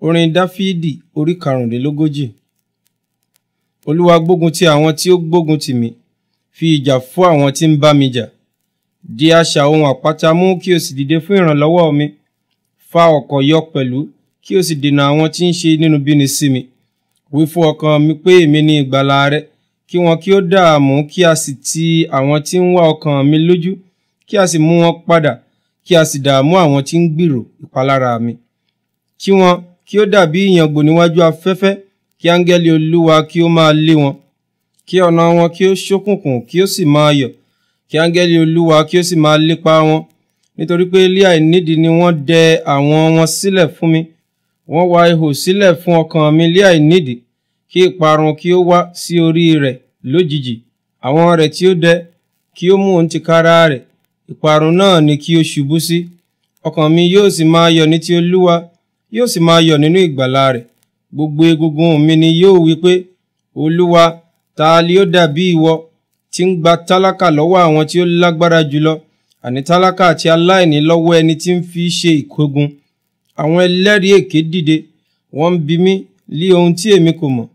orin dáfídì orí karùndínlógójì olúwa gbógun ti àwọn tí ó gbógun tì mí fi ìjà fún àwọn tí ń bá mi jà di asà ohun àpáta mú kí o sì dìde fún ìrànlọ́wọ́ mi fa ọ̀kọ̀ yọ pẹ̀lú kí o sì dènà àwọn tí ń ṣe inúnibíni sí mi wí fún ọkàn mi pé èmi ni ìgbàlà rẹ kí wọn kí ó dààmú kí a sì ti àwọn tí ń wá ọkàn mi lójú kí a sì mú wọn padà kí a sì dààmú àwọn tí ń gbìrò ìpalára mi kí wọn kí ó dàbí ìyàngbò níwájú afẹ́fẹ́ kí áńgẹ́lì olúwa kí ó máa lé wọn kí ọ̀nà wọn kí ó ṣókùnkùn kí ó sì máa yọ̀ kí áńgẹ́lì olúwa kí ó sì máa lépa wọn nítorí pé ilé àìnídìí ni wọ́n dẹ àwọn wọn sílẹ̀ fún mi wọ́n wa ihò sílẹ̀ fún ọkàn mi ilé àìnídìí kí ìparun kí ó wá sí orí rẹ̀ lójijì àwọn rẹ̀ tí ó dẹ kí ó mú òun tìkára rẹ̀ ìparun náà ni kí ó ṣubú sí ọkàn mi yóò sì máa yọ̀ ní ti olúwa yóò sì máa yọ̀ nínú ìgbàlà rẹ̀ gbogbo egungun mi ni yóò wí pé olúwa ta li ó dàbí ìwọ tí ń gba tálákà lọ́wọ́ àwọn tí ó lágbára jùlọ àní tálákà àti aláìní lọ́wọ́ ẹni tí ń fi ṣe ìkógun àwọn ẹlẹ́rìí èké dìde wọ́n ń bi mí lí ohun tí èmi kò mọ̀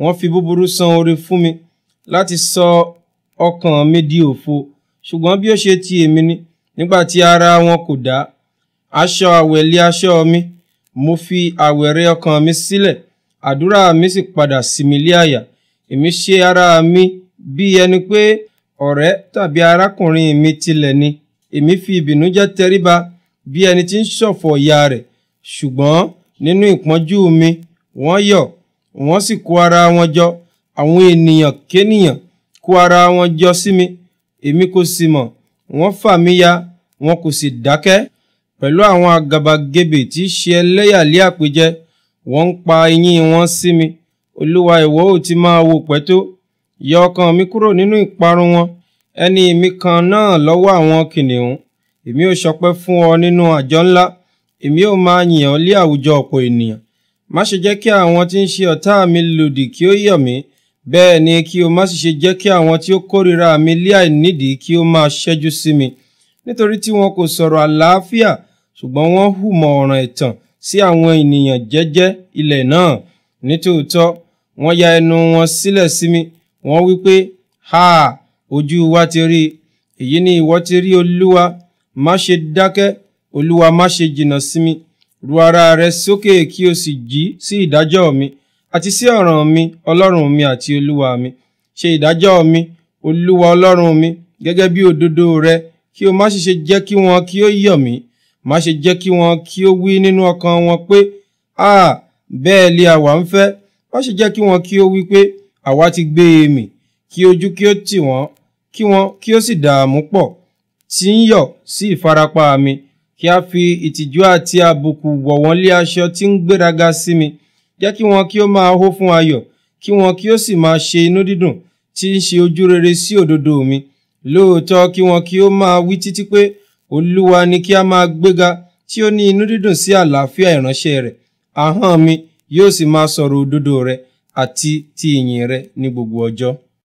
wọ́n fi búburú san oore fún mi láti sọ ọkàn mi di òfo ṣùgbọ́n bí ó ṣe ti èmi ni nígbà tí ara wọn kò dá aṣọ àwẹ̀lé aṣọ mi mo fi àwẹ̀rẹ̀ ọkàn mi sílẹ̀ àdúrà mi sì padà sí lé àyà èmi ṣe ara mi bí ẹni pé ọ̀rẹ́ tàbí arákùnrin mi tilẹ̀ ni èmi fi ìbìnújẹ́ tẹríba bí ẹni tí ń ṣọ̀fọ̀ ìyá rẹ̀ ṣùgbọ́n nínú ìpọ́njú mi wọ́n yọ̀ wọ́n sì kó ara wọn jọ àwọn ènìyàn kénìyàn kó ara wọn jọ sí mi èmi kò sì mọ̀ wọ́n fà mí ya wọn kò sì dákẹ́ pẹ̀lú àwọn àgàbàgebè tí í ṣe ẹlẹ́yàlé àpèjẹ wọ́n ń pa eyín wọn sí mi olúwa ìwọ ò ti máa wò pẹ́ tó yọ ọkàn mi kúrò nínú ìparun wọn ẹni mi kan náà lọ́wọ́ àwọn kìnìún èmi ò ṣọpẹ́ fún ọ nínú àjọ ńlá èmi ò máa yìn ọ́ lé àwùjọ ọ̀pọ̀ ènìyàn má ṣe jẹ́ kí àwọn tí ń ṣe ọ̀tá mi lòdì kí ó yọ̀ mí bẹ́ẹ̀ ni kí o má sì ṣe jẹ́ kí àwọn tí ó kórìíra mi lé àìnídìí kí ó máa ṣẹ́jú sí mi nítorí tí wọn kò sọ̀rọ̀ àlàáfíà ṣùgbọ́n wọ́n hùmọ̀ ọ̀ràn ẹ̀tàn sí àwọn ènìyàn jẹ́jẹ́ ilẹ̀ náà nítòótọ́ wọ́n ya ẹnu wọn sílẹ̀ sí mi wọ́n wí pé ha ojú wa ti rí èyí ni ìwọ ti rí olúwa má ṣe dákẹ́ olúwa má ṣe jìnnà sí mi ru ara rẹ sókè kí o sì jí sí ìdájọ́ mi àti sí ọ̀ràn mi ọlọ́run mi àti olúwa mi ṣe ìdájọ́ mi olúwa ọlọ́run mi gẹ́gẹ́ bí òdodo rẹ kí o má sì ṣe jẹ́ kí wọn kí ó yọ̀ mí má ṣe jẹ́ kí wọn kí ó wí nínú ọkàn wọn pé a bẹ́ẹ̀ lé àwa ń fẹ́ má ṣe jẹ́ kí wọn kí ó wí pé àwa ti gbé e mì kí ojú kí ó tì wọ́n kí wọn kí ó sì dààmú pọ̀ tí ń yọ̀ sí ìfarapa mi kí a fi ìtìjú àti àbùkù wọ̀ wọ́n lé aṣọ tí ń gbéraga sí mi jẹ́ kí wọn kí ó máa hó fún ayọ̀ kí wọn kí ó sì máa ṣe inú dídùn tí ń ṣe ojú rere sí òdodo mi lóòótọ́ kí wọn kí ó máa wí títí pé olúwa ni kí a máa gbéga tí ó ní inú dídùn sí àlàáfíà ìránṣẹ́ rẹ̀ ahọ́n mi yóò sì máa sọ̀rọ̀ òdodo rẹ̀ àti ti ìyìn rẹ̀ ní gbogbo ọjọ́.